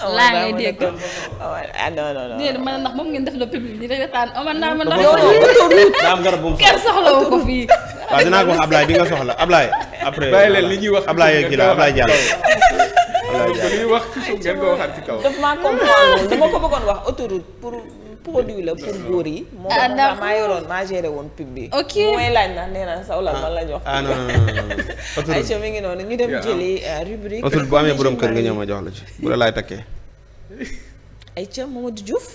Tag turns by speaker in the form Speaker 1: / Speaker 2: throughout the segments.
Speaker 1: Oh, laa ngay dégg
Speaker 2: oh, ah non non non nee na
Speaker 1: man ndax moom ngeen def la public ñu rek retaan Omar oh, naa ma ndax
Speaker 3: am garab bu mu kenn soxlawu ko fii bi nga soxla Ablaye après bàyyi leen li ñuy wax Ablaye kii la Ablaye Diallo Ablaye Diallo li ñuy wax ci ko waxaat
Speaker 2: ci kaw daf pour produit la pour góor yi. Ah, moo ma maa yoroon maa géré woon pub bi. ok mooy laaj na nee naa saw la man la jox wax. Ah, ah non non mi ngi noonu ñu dem jëli ah. euh, rubrique. otul bu amee borom kër nga ñëw
Speaker 3: ma jox la ci bu la laay takkee.
Speaker 2: Aïcha Mamadou Diouf.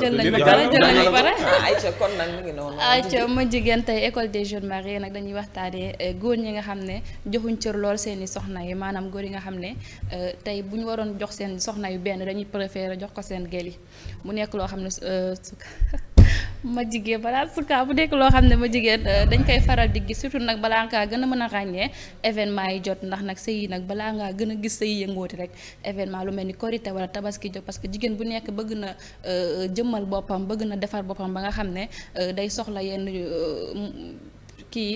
Speaker 2: jël nañ ba pare jël nañ ba pare ayca kon
Speaker 1: ma jigéen tey école des jeunes mariés nag dañuy waxtaanee eh, góor ñi nga xam ne joxuñ cër lool seen i soxna yi maanaam góor yi nga xam ne eh, tey bu ñu waroon jox seen soxna yu benn dañuy préféré jox ko seen gel mu nekk loo xam ne eh, su ma jigéen balaa suka bu nekk loo xam ne ma jigéen euh, dañ koy faral di gis surtout nag balaa ngaa gën a mën a ràññee événement yi jot ndax nag sëy yii nag balaa ngaa gën a gis sëy yëngooti rek événement lu mel ni korité wala tabaski jot parce que jigéen bu nekk bëgg na euh, jëmmal boppam bëgg na defar boppam ba nga xam ne euh, day soxla yenn kii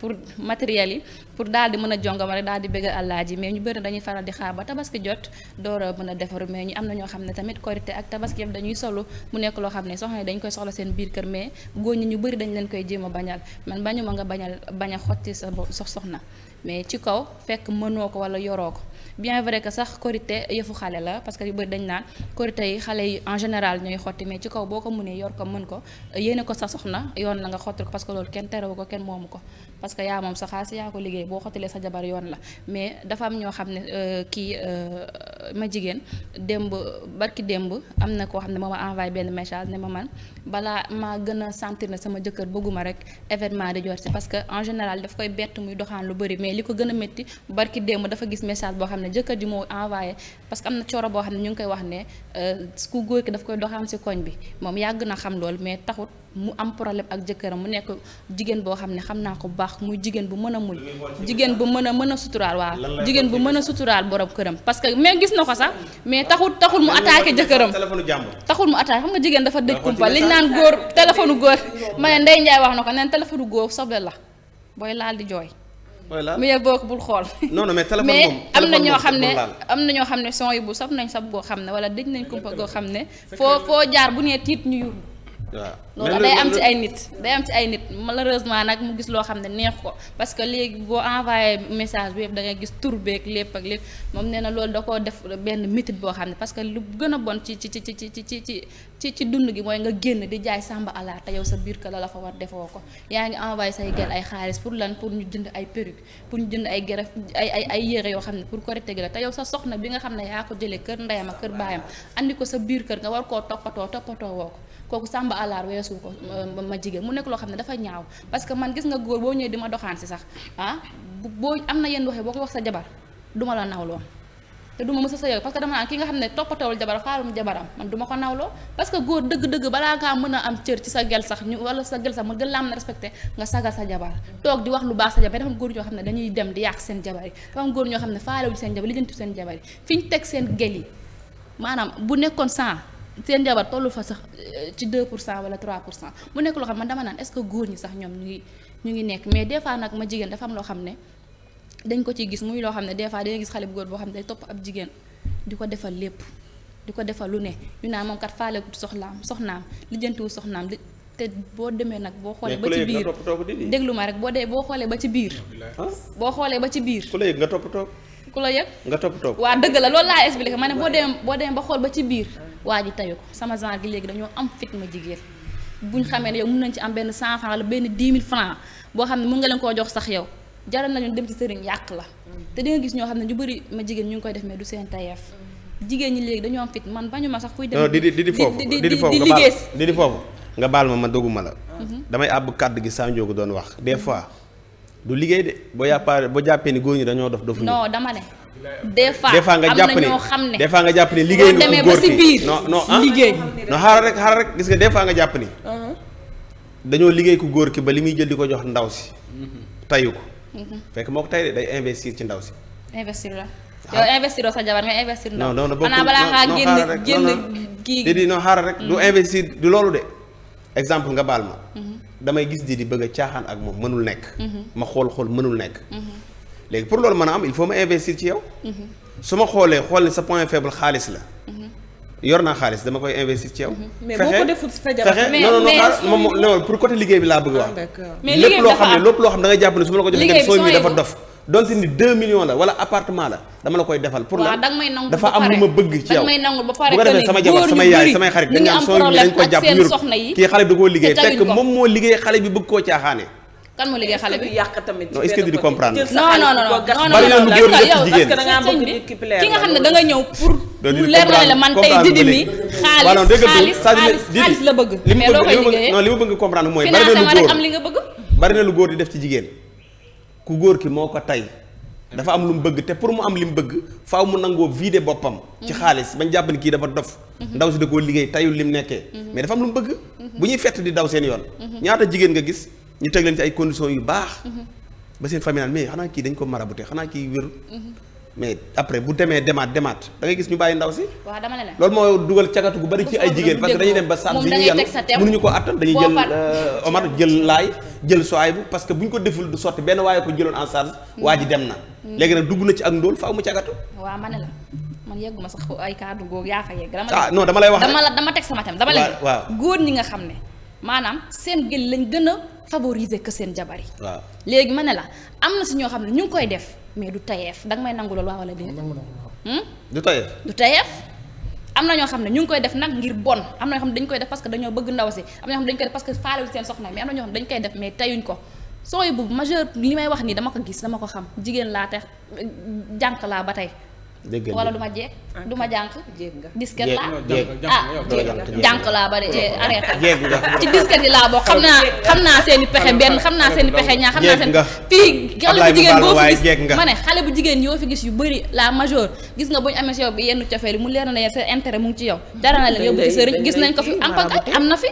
Speaker 1: pour matériel yi pour daal di mën a jongama rek daal di bëgg àllaaji mais ñu bëri dañuy faral di xaar ba tabaski jot door mën a defaru mais ñu am na ñoo xam ne tamit korité ak tabaski yëpp dañuy solu mu nekk loo xam ne soxna dañ koy soxla seen biir kër mais góor ñi ñu bëri dañ leen koy jéem a bañal man bañu ma nga bañal bañ a xotti sa sox soxna mais ci kaw fekk mënoo ko wala yoroo ko bien vrai que sax korité yëfu xale la parce que yu bëri dañ naan korité yi xale yi en général ñooy xotti mais ci kaw boo ko mënee yor ko mën ko yéene ko sa soxna yoon la nga xotti ko parce que loolu kenn terewu ko kenn moomu ko parce que yaa moom a xaalis yaa ko liggéey boo sa jabar yoon la mais dafa am ñoo xam ne euh, kii euh, ma jigéen démb barki démb am na koo xam ne moo ma envoyé benn message ne ma man balaa ma gën a sentir na sama jëkkër bëgguma rek événement di jot si parce que en général daf koy bett muy doxaan lu bëri mais li ko gën a métti barki démb dafa gis message boo xam ne ne jëkkër ji moo envoyé parce que am na coro boo xam ne ñu ngi koy wax ne euh, ku góor ki daf koy doxaan si koñ bi moom yàgg na xam lool mais taxut mu am problème ak jëkkëram mu nekk jigéen boo xam ne xam naa ko bu baax muy jigéen bu mën a muñ jigéen bu mën a mën a suturaal waaw jigéen bu mën a suturaal borom këram parce que mais gis na ko sax mais taxul taxul mu attaqué jëkkëram taxul mu attaqué xam nga jigéen dafa dëj kumpa liñ naan góor téléphone góor ma ne Ndeye Ndiaye wax na ko neen téléphone góor soble la booy laal di jooy voilà mu yëg boo ko bul xool.
Speaker 3: non non mais moom am na ñoo xam ne
Speaker 1: am na ñoo xam ne son yi bu sab nañ sab goo xam ne wala dëj nañ kumpa goo xam ne. foo foo jaar bu nee tiit ñu yóbbu.
Speaker 3: waaw
Speaker 4: loolu day am ci ay
Speaker 1: nit day am ci ay nit malheureusement nag mu gis loo xam ne neex ko parce que léegi boo envoyé message bi yëpp da ngay gis tur beeg lépp ak lépp moom nee na loolu da koo def benn métit boo xam ne parce que lu gën a bon ci ci ci ci ci ci ci ci dund gi mooy nga génn di jaay sàmba alaar te yow sa biir ka la la fa war defoo ko yaa ngi envoyé say gel ay xaalis pour lan pour ñu jënd ay perruque pour ñu jënd ay geref ay ay ay yére yoo xam ne pour korite gi la te yow sa soxna bi nga xam ne yaa ko jëlee kër ndeyam ak kër baayam andi ko sa biir kër nga war koo toppatoo toppatoo woo alaar weesu ko ma jigéen mu nekk loo xam ne dafa ñaaw parce que man gis nga góor boo ñëwee di ma doxaan si sax ah boo am na yenn waxee boo ko wax sa jabar duma la nawloo te duma mësa sa yow parce que dama naan ki nga xam ne toppatawul jabar faalum jabaram man duma ko nawloo parce que góor dëgg-dëgg balaa ngaa mën a am cër ci sa gel sax ñu wala sa gel sax ma gën la am na nga sagar sa jabar toog di wax lu baax sa jabar dafa góor ñoo xam ne dañuy dem di yàq seen jabar góor ñoo xam ne faalewul seen jabar lijjantu seen jabar yi fi ñu teg seen gel maanaam bu nekkoon sans seen jabar tollu fa sax euh, ci 2 pour cent wala 3 pour cent mu nekk loo xam man dama naan est-ce que góor ñi sax ñoom ñu ngi ngi nekk mais des fois nag ma jigéen dafa am loo xam ne dañ ko ciy gis muy loo xam ne des fois dañuy gis xale bu góor boo xam ne day topp ab di ko defal lépp di ko defal lu ne ñu naan moom kat faaleeku soxlaam soxnaam lijjantiwu soxnaam te boo demee nag boo xoolee ba ci biir déglu ma rek boo dee boo xoolee ba ci biir boo xoolee ba ci biir ku la yëg nga topp topp ku la yëg
Speaker 3: nga topp topp waa dëgg
Speaker 1: la loolu laa ma ne boo demee boo demee ba xool ba ci biir waa ji tayu ko sama genre gi léegi dañoo am fit ma jigéen buñ xamee ne yow mën nañ ci am benn cent francs la benn 10 000 francs boo xam ne mën nga leen koo jox sax yow jaral nañu dem ci sëriñ yàq la te di gis ñoo xam ne ñu bëri ma jigéen ñu ngi koy def mais du seen tayeef jigéen ñi léegi dañoo am fit man bañu ma sax kuy dem di di di foofu di di liggéey
Speaker 3: di di foofu nga baal ma ma doguma la mhm. damay àbb kàdd gi saa ko doon wax des fois du liggéey de boo yàppaare boo jàppee ni góor ñi dañoo dof dofuñu non
Speaker 1: dama des fois des nga jàpp ne
Speaker 3: na jàpp ne liggéey nga ko góor ki non non ah liggéey non xaaral rek xaaral gis nga des nga jàpp ni ah. dañoo liggéey ku góor ki ba li muy jël di ko jox ndaw si mhm. tayu ko mhm. fekk moo ko tay de day investir ci ndaw si
Speaker 1: investir la ah. yow investir sa jabar nga investir ndaw xanaa
Speaker 3: balaa ngaa génn génn kii déedéet non xaaral rek du mhm. investir du loolu de exemple nga baal ma damay gis di di bëgg a caaxaan ak moom mënul nekk ma xool xool mënul nekk léegi pour loolu mën a am il faut ma investir ci yow. su ma xoolee xool ne sa point faible xaalis la. yor naa xaalis dama koy investir ci yow. Mhm. mais boo ko
Speaker 4: defut sa jabar mais non non
Speaker 3: non pour côté liggéey bi laa bëgg wax.
Speaker 4: Ah, lépp loo xam ne
Speaker 3: lépp loo xam ne da ngay jàpp ne su ma la ko joxee sooy mi dafa la wala la koy defal. pour la
Speaker 1: dafa am lu bëgg ci yow. bu ko defee sama jabar sama yaay samay xarit dañ naan sooy mi dañ ko jàpp ñu kii xale bi da koo liggéey fekk
Speaker 3: moom moo liggéey xale bi bëgg koo caaxaane
Speaker 1: kan moo liggéey xale bi yàq tamit non est-ce que di lu góor da nga ñëw pour
Speaker 3: lu la bëgg mais loo koy liggéeyee non li ma bëgg comprendre mooy bari na lu góor di def ci jigéen ku góor ki moo ko tey dafa am lu mu bëgg te pour mu am li mu bëgg faaw mu nangoo vider boppam ci mhm. xaalis bañ jàpp ne kii dafa dof mhm. ndaw si da koo liggéey tayul li mu nekkee mhm. mais dafa am lu mu bëgg bu ñuy fett di daw seen yoon ñaata jigéen nga gis ñu teg leen ci ay conditions yu baax. Mhm. ba seen famille naan mais xanaa kii dañ ko marabute xanaa kii wér. Mhm. mais après bu demee demaat demaat da gis ñu bàyyi ndaw si. waaw dama la la loolu mooy dugal cagatu gu bari ci ay jigéen parce que dem ba sànni ñu yàlla mënuñu ko attan dañuy jël euh, Omar jël laay jël soaay bu parce que bu ñu ko deful du sotti benn waaye ko jëloon en charge mhm. waa ji dem na. léegi nag dugg na ci ak ndóol faaw mu cagatu.
Speaker 1: waa ma ne la man yegguma sax ay kàddu googu yaa fa yegg. dama ah, lay wax dama dama teg sama tam dama la. waaw góor ñi nga xam ne maanaam seen gël lañ gën a favoriser que seen jabar yi. waaw léegi ma ne la am na si ñoo xam ne ñu ngi koy def mais du tayeef danga may nangu loolu waa wala déet. Hmm? du tayeef du tayeef. am na ñoo xam ne ñu ngi koy def nag ngir bon am na ñoo xam koy def parce que dañoo bëgg ndaw si am na ñoo xam ne dañ koy def parce que faalewul seen soxna mais am na ñoo xam ne dañ koy def mais tayuñ ko sooy bu majeur li may wax nii dama ko gis dama ko xam jigéen laa te jànq laa ba tey. wala du ma jeex du ma jànq. jéeg nga disket laa ah, jànq laa ba de arrêté. ci disket yi laa boo xam naa xam naa seen pexe benn xam naa seen pexe ñaar xam naa seen fii xale bu jigéen yoo fi gis yu bëri la major gis nga bu ñu amee si yow bi yenn cofeel mu leer na la seen intérêt mu ngi ci yow dara na leen yóbbu ci sëriñ gis nañ ko fi am na fi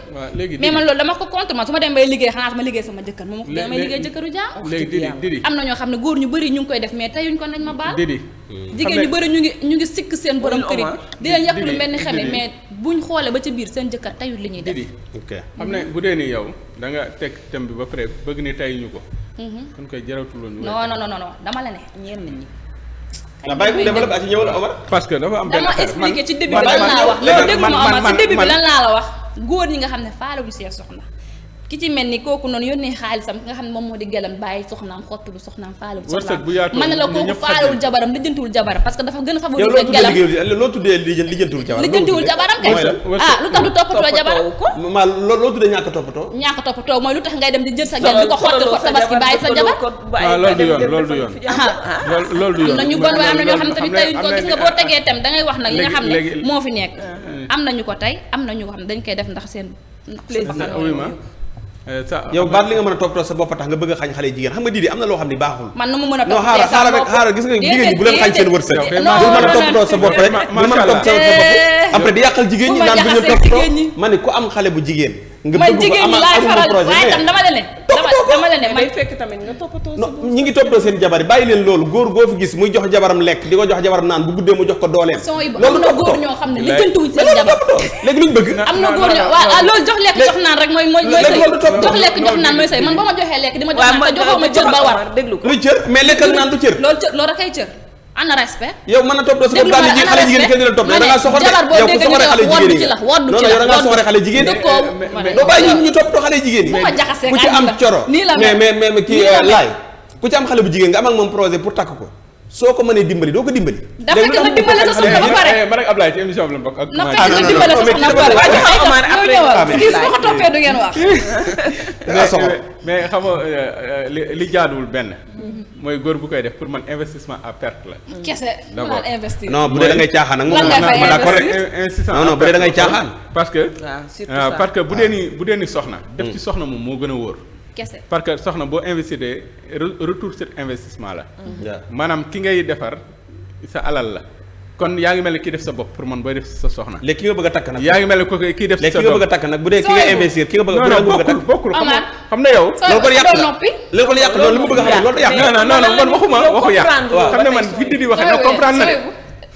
Speaker 1: mais man loolu dama ko contre man su ma dem liggéey xanaa ma liggéey sama jëkkër moom damay liggéey jëkkëru jaam am na ñoo xam seen borom kër yi di leen mais buñ xoolee ba ca biir seen jëkkër tayut li ñuy def
Speaker 4: ok xam ne bu dee ni yow da nga teg thème bi ba pare bëgg ni tay ñu ko mhm. kon koy jaratuloon ñu non
Speaker 1: non dama la ne ñenn ñi
Speaker 4: nga que dafa am benn dama expliqué ci début bi lan laa wax loolu dégg ma Omar ci début bi lan
Speaker 1: la wax góor ñi nga xam ne faale wuñ seen soxna ki ci mel ni kooku noonu yónnee xaalisam ki nga xam ne moom moo di gelam bàyyi soxnaam xottulu soxnaam faalewul soxnaam man la kooku faalewul jabaram lijjantiwul jabaram parce que dafa gën a favoriser gelam
Speaker 3: loo tuddee lijjantiwul jabaram lijjantiwul jabaram kay ah
Speaker 1: lu tax du toppatoo jabaram
Speaker 3: ko ma loo tuddee ñàkk a toppatoo
Speaker 1: ñàkk a toppatoo mooy lu tax ngay dem di jël sa gel di ko xottil ko tabaski bàyyi sa ah, jabar
Speaker 2: loolu du yoon ah, loolu du yoon loolu du yoon am
Speaker 1: na ñu xam ne dañ koy def ndax seen
Speaker 3: Eh, yow baat li nga mën a toppatoo sa bopp tax nga bëgg a xañ xale jigéen xam nga diidi am na loo xam ne baaxul
Speaker 1: man nu mu mën a toppatoo xaaral xaaral rek xaaral gis nga jigéen bu mën a toppatoo sa bopp rek
Speaker 3: eh. après di yàqal jigéen ñi naan bu ñu toppatoo ma ne ku am xale bu jigéen nga bëgg ko am projet
Speaker 2: dama la ne man fekk tamit nga toppatoo
Speaker 3: ñi ngi toppatoo seen jabar yi bàyyi leen loolu góor goo fi gis muy jox jabaram lekk di ko jox jabaram naan bu guddee mu jox ko dooleem loolu na góor ñoo xam luñ bëgg am na góor ñoo waaw ah, loolu jox lekk jox naan rek mooy mooy jox man ba
Speaker 1: ma joxee lekk di ma jox naan te joxoo ma cër ba war
Speaker 3: déglu ko lu lekk naan du
Speaker 1: cër loolu cër ay cër ana respect.
Speaker 3: yow mën na toppatoo sa bopp daal di xale jigéen kenn di la toppatoo da ngaa soxore yow ku soxore xale jigéen yi nga non non yow da ngaa xale jigéen
Speaker 4: yi doo bàyyi
Speaker 3: ñu toppatoo xale ku ci am coro mais mais mais kii euh, ku ci am xale bu jigéen nga am ak moom projet pour takk ko soo ko mënee dimbali doo ko dimbali. dafa fekk nga dimbali sa soxna ba pare eh, man ak Ablaye ci émission bi la bokk ak. na fekk nga dimbali sa su ma ko toppee du ngeen wax.
Speaker 4: mais xam nga euh, euh, li jaaduwul benn. mooy góor bu koy def pour man investissement à perte la. kese d'accord non bu dee da ngay caaxaan nag moom ma d'accord rek. investissement non non parce que euh, parce que bu dee ni bu dee ni soxna. def ci hmm. soxna moom moo gën a wóor. kese parce que soxna boo investir retour sur investissement la. Mm-hmm. maanaam ki ngay defar sa alal la. kon yaa ngi mel ni kii def sa bopp pour man booy def sa soxna. léegi ki nga bëgg a takk nag. yaa ngi mel ni ko kii def sa doom léegi ki nga bëgg a takk nag bu dee ki nga investir ki nga bëgg a. non bokkul bokkul xam nga na yow. loolu kon yàq la loolu kon bëgg a xam loolu yàq. non xam ne man fi di di waxee nag comprendre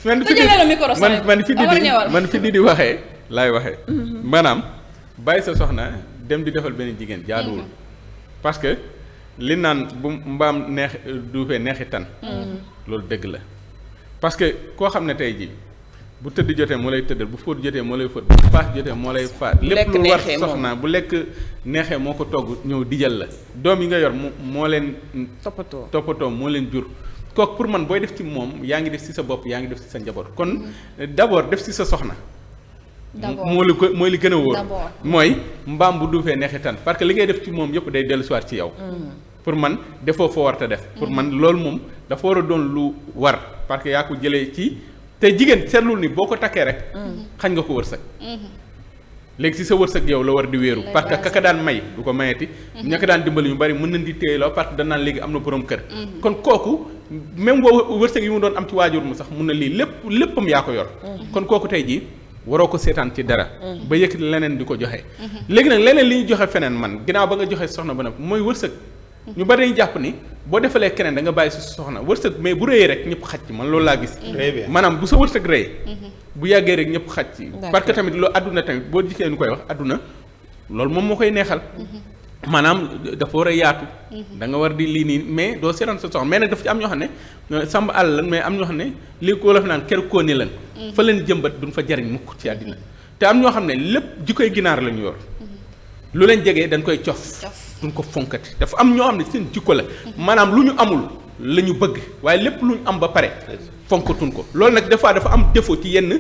Speaker 4: na de. man fi di man man fi di di man fi di di waxee laay waxee. Mm-hmm. maanaam bàyyi sa soxna dem di defal benn jigéen jaaduwul mm-hmm. parce que li naan bu mbaam neex duufee neexi tan mm-hmm. loolu dëgg la parce que koo xam ne tey jii bu tëdd jotee moo lay tëddal bu fóot jotee moo lay fóot bu faas jotee moo lay faas lépp lu war soxna bu lekk neexee moo ko togg ñëw dijal la doom yi nga yor mu moo leen toppatoo toppatoo moo leen jur kook pour man booy def ci moom yaa ngi def ci sa bopp yaa ngi def ci sa njaboot kon mm-hmm. d'abord def ci sa soxna moo li ko mooy li gën a wóor mooy mbaam bu duufee neexitan parce que li ngay def ci moom yëpp day dellu siwaat ci yow mm. pour man defoo foo war te def pour mm. man loolu moom dafa war a doon lu war parce que yaa ko jëlee ci te jigéen seetlul ni boo ko takkee rek mm. xañ nga ko wërsëg mm-hmm. léegi si sa wërsëg yow la war di wéeru parce que kaka daan may du ko mayeti mm-hmm. ñaka daan dimbali ñu bari mën nañ di téye la parce que danaan léegi am na borom kër mm-hmm. kon kooku même woo wërsëg yi mu doon am ci waajur mu sax mun na lii lépp léppam yaa ko yor kon kooku tey jii waroo ko seetaan ci dara. Mm-hmm. ba yëkkati leneen di ko joxe. Mm-hmm. léegi nag leneen li ñu joxe feneen man ginnaaw ba nga joxe soxna ba nag mooy wërsëg. Mm-hmm. ñu bari dañu jàpp ni boo defalee keneen da nga bàyyi si soxna wërsëg mais bu rëyee rek ñëpp xaj ci man loolu laa gis. maanaam bu sa wërsëg rëy. bu yàggee rek ñëpp xaj ci. parce tamit loolu àdduna tamit boo dikkee koy wax àdduna loolu moom moo koy neexal. maanaam dafa war a yaatu. Mhm. da nga war di lii nii mais doo seetaan sa soxla mais nag dafa ci am ñoo xam ne sàmb àll lan mais am ñoo xam ne lii ko naan ker koo ni lan. Mhm. fa leen jëmbat duñ fa jariñ mukk ci àddina mhm. te am ñoo xam ne lépp jikkoy ginaar lañu yor. lu leen jegee dañ koy cof. duñ ko fonkati dafa am ñoo xam ne seen jikko la. maanaam lu ñu amul la ñu bëgg waaye lépp lu ñu am ba pare. fonkatuñ ko loolu nag des dafa am défaut ci yenn.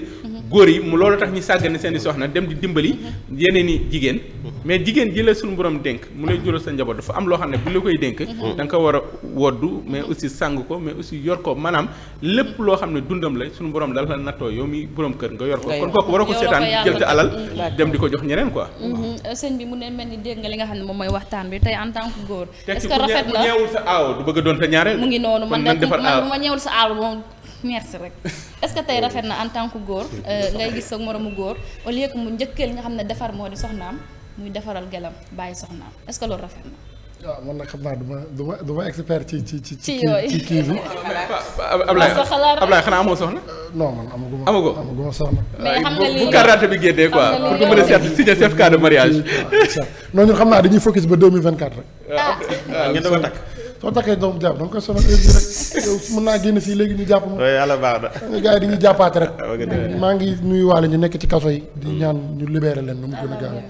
Speaker 4: góor yi mu loolu tax ñu sàggane seen i soxna dem di dimbali yeneen jigéen mais jigéen ji suñu borom dénk mu lay jural sa njaboot dafa am loo xam ne bu la koy dénk da nga ko war a woddu ko mais aussi yor ko loo xam ne dundam la suñu borom dal la nattoo yow mi borom kër nga yor ko kon kooku waroo ko ko jox ñeneen quoi
Speaker 1: mm-hmm. euh, sëñ mu li nga xam ne moom mooy waxtaan bi tey en tant que góor est-ce que rafet ñeewul
Speaker 4: sa aaw du bëgg a doon sa ñaareel mu ngi noonu man man ma
Speaker 1: ñeewul sa aaw merci rek est-ce tey rafet na en tant que góor euh, ngay gis sa moromu góor au lieu que mu njëkkeel nga xam ne defar moo di soxnaam muy defaral gelam bàyyi soxnaam est-ce que loolu rafet na.
Speaker 5: waaw man xam naa du ma du ma du ma expert ci ci ci. ci kii bi.
Speaker 4: Ablaye Ablaye
Speaker 5: xanaa amoo soxna. Euh, non man amaguma amago amaguma soxna. mais xam nga bu carte bi génnee quoi pour nga mën a seet
Speaker 4: signer certificat de mariage.
Speaker 5: non ñun xam naa dañuy focus ba deux mille vingt quatre rek. Ah. ah ngeen doon takk. soo takkee doomu jàpp danga koy sonal heure bi rek naa génn fii léegi ñu jàpp ma yàlla baax na gars yi dañuy jàppaate rek maa ngi nuyuwaale ñu nekk ci kaso yi di hmm. ñaan ñu libéré leen nu mu gën a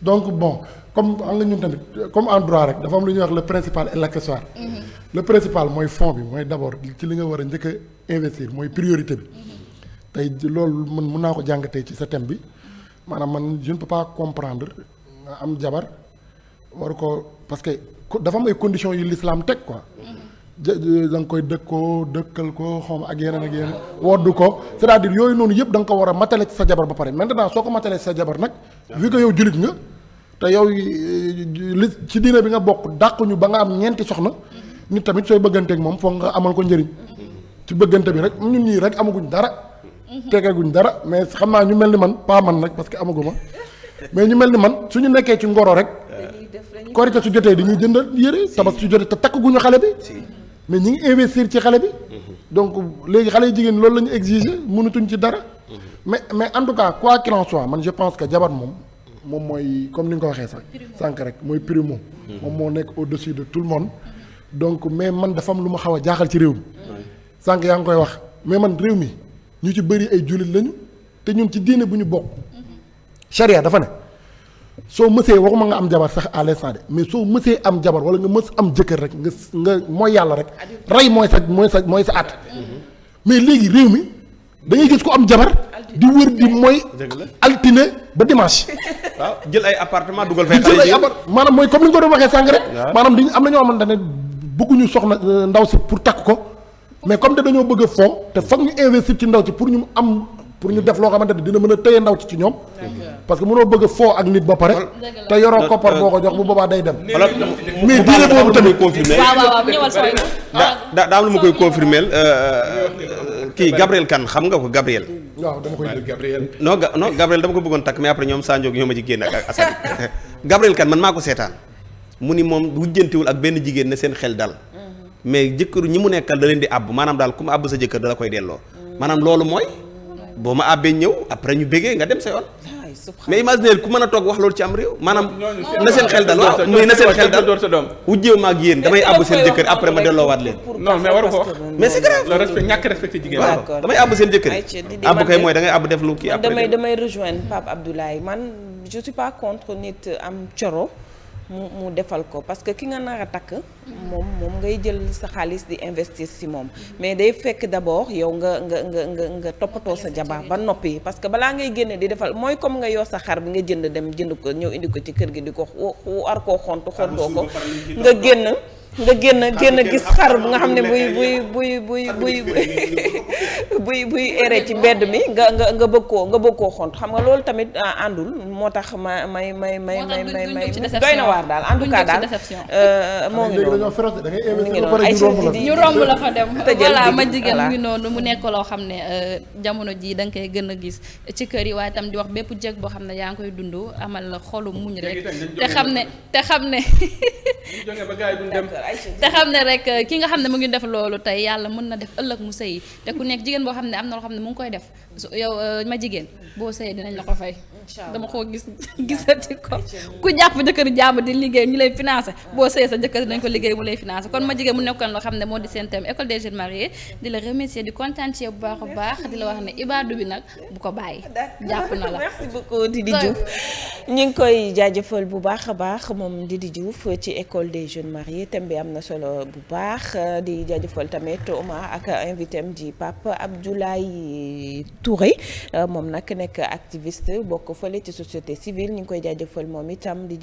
Speaker 5: donc bon comme am nga ñun tamit comme en droit rek dafa am lu ñuy wax le principal et l' accessoire hmm. le principal mooy fond bi mooy d' abord ci li nga war a njëkk a investir mooy priorité bi hmm. tey loolu man mun naa ko jàng tey ci sa thème bi maanaam man je ne comprendre am jabar war ko parce que dafa am ay conditions yu l'islam teg quoi. da nga koy dëkkoo dëkkal ko xawma ak yeneen ak yeneen woddu ko cest à yooyu noonu yëpp da nga ko war a matale ci sa jabar ba pare maintenant soo ko matale sa jabar nag. vu que yow jullit nga te yow euh, li ci diine bi nga bokk dàquñu ba nga am ñeenti soxna. nit tamit sooy bëgganteek moom foog nga amal ko njëriñ. ci bëggante bi rek ñun ñii rek amaguñ dara. Mhm. tegeeguñ dara mais xam naa ñu mel ni man pas man nag parce que amaguma. mais ñu mel ni man su ñu nekkee ci ngoro rek korite su jotee ñuy jënd yére tabaski su jotee te takk ñu xale bi mais ñi ngi investir ci xale bi mhm. donc léegi xale yu jigéen loolu la ñu exiger mënatuñ ci dara mhm. mais mais en tout cas quoi qu'il soit man je pense que jabar moom moom mooy comme ni nga ko waxee sànq sànq rek mooy primo mhm. moom moo nekk au-dessus de tout le monde donc mais man dafa am lu ma xaw a jaaxal ci réew mi sànq yaa ngi koy wax mais man réew mi ñu ci bëri ay jullit lañu te ñun ci diine bu ñu bokk charia dafa ne soo mësee waxuma nga am jabar sax à l'instant de mais soo mësee am jabar wala nga mës am jëkkër rek nga nga mooy yàlla rek rey mooy sa mooy sa mooy sa at mais léegi réew mi da gis ko am jabar di wër di mooy altine ba dimanche
Speaker 3: waaw jël ay appartement dugal fay jël ay
Speaker 5: appart maanaam mooy comme ni nga ko doon waxee sànq rek maanaam di am na ñoo xamante ne bëgguñu soxna euh, ndaw si pour takk ko mais comme te dañoo bëgg a foo te foog ñu investir ci ndaw pour ñu am pour ñu def loo xamante ni dina mën a téye ndaw ci ci ñoom parce que mënoo bëgg a foo ak nit ba pare te yoroo koppar boo ko jox bu boobaa day dem
Speaker 3: mais diine boobu tamit da daam lu ma koy confirmeel euh, euh, kii Gabriel kan xam nga ko Gabriel
Speaker 5: waaw dama koy dégg
Speaker 4: Gabriel
Speaker 3: non non Gabriel dama ko bëggoon takk mais après ñoom Sadio ñoo ma ci génn ak Assane Gabriel Kane man maa ko seetaan mu ni moom wujjantewul ak benn jigéen ne seen xel dal mhm. mais jëkkëru ñi mu nekkal da leen di àbb maanaam daal ku mu àbb sa jëkkër dala koy delloo maanaam loolu mooy boo ma àbbee ñëw après ñu bégee nga dem sa yoon. mais imaginer ku mën a toog wax loolu ci am réew maanaam na seen xel dal waaw muy na seen xel dal door sa ma ak yéen damay àbb seen jëkkër après ma delloowaat leen non mais
Speaker 4: waru ko wax mais c'est grave
Speaker 3: le respect ñàkk respecté jigéen waaw damay àbb seen jëkkër
Speaker 2: àbb kay mooy da
Speaker 3: àbb def lu kii après damay
Speaker 2: rejoindre Pape Abdoulaye man je pas contre nit am coro mu mu defal ko parce que ki nga nar a takk moom moom ngay jël sa xaalis di investir si moom mais day fekk d'abord yow nga nga nga nga nga toppatoo sa jabar ba noppi parce que balaa ngay génne di defal mooy comme nga yor sa xar bi nga jënd dem jënd ko ñëw indi ko ci kër gi di ko war koo xont xontoo ko nga génn nga génn génn gis xar bu nga xam ne buy buy buy buy buy buy buy ere ci mbedd mi nga nga nga bëgg koo nga bëgg koo xont xam nga loolu tamit ah, àndul moo tax ma may may may may may may doy na waar daal en tout cas euh, moo ngi noonu ñu romb la fa ma jigéen mu ngi
Speaker 1: noonu mu nekk loo xam ne euh, jamono ji da koy gën a gis ci kër yi waaye tam di wax bépp jég boo xam ne yaa ngi koy dund amal xolu muñ rek te xam ne te xam ne te xam ne rek euh, ki nga xam ne mu ngi def loolu tey yàlla mën na def ëllëg mu sëyi te ku nekk jigéen boo xam ne am na loo xam ne mu ngi koy def su yow euh, ma jigéen boo sëyee dinañ la ko fay dama koo gis gisati ko ku jàpp jëkkër jàmm di liggéey ñu lay financé boo sëyee sa jëkkër dañ ko liggéey mu lay financé kon ma jigéen mu nekkoon loo xam ne moo di seen thème école des di la remercier di kontaan bu baax a baax di la wax ne ibaadu bi nag bu ko bàyyi
Speaker 2: jàpp na la merci beaucoup Didi Diouf ñu ngi koy jaajëfal bu baax a baax moom di di Diouf ci école des jeunes mariés thème bi am na solo bu baax di jaajëfal tamit Omar ak invité am di Pape Abdoulaye Touré moom nag nekk activist bokk ko ci société civile ñu ngi koy jaajëfal moom itam di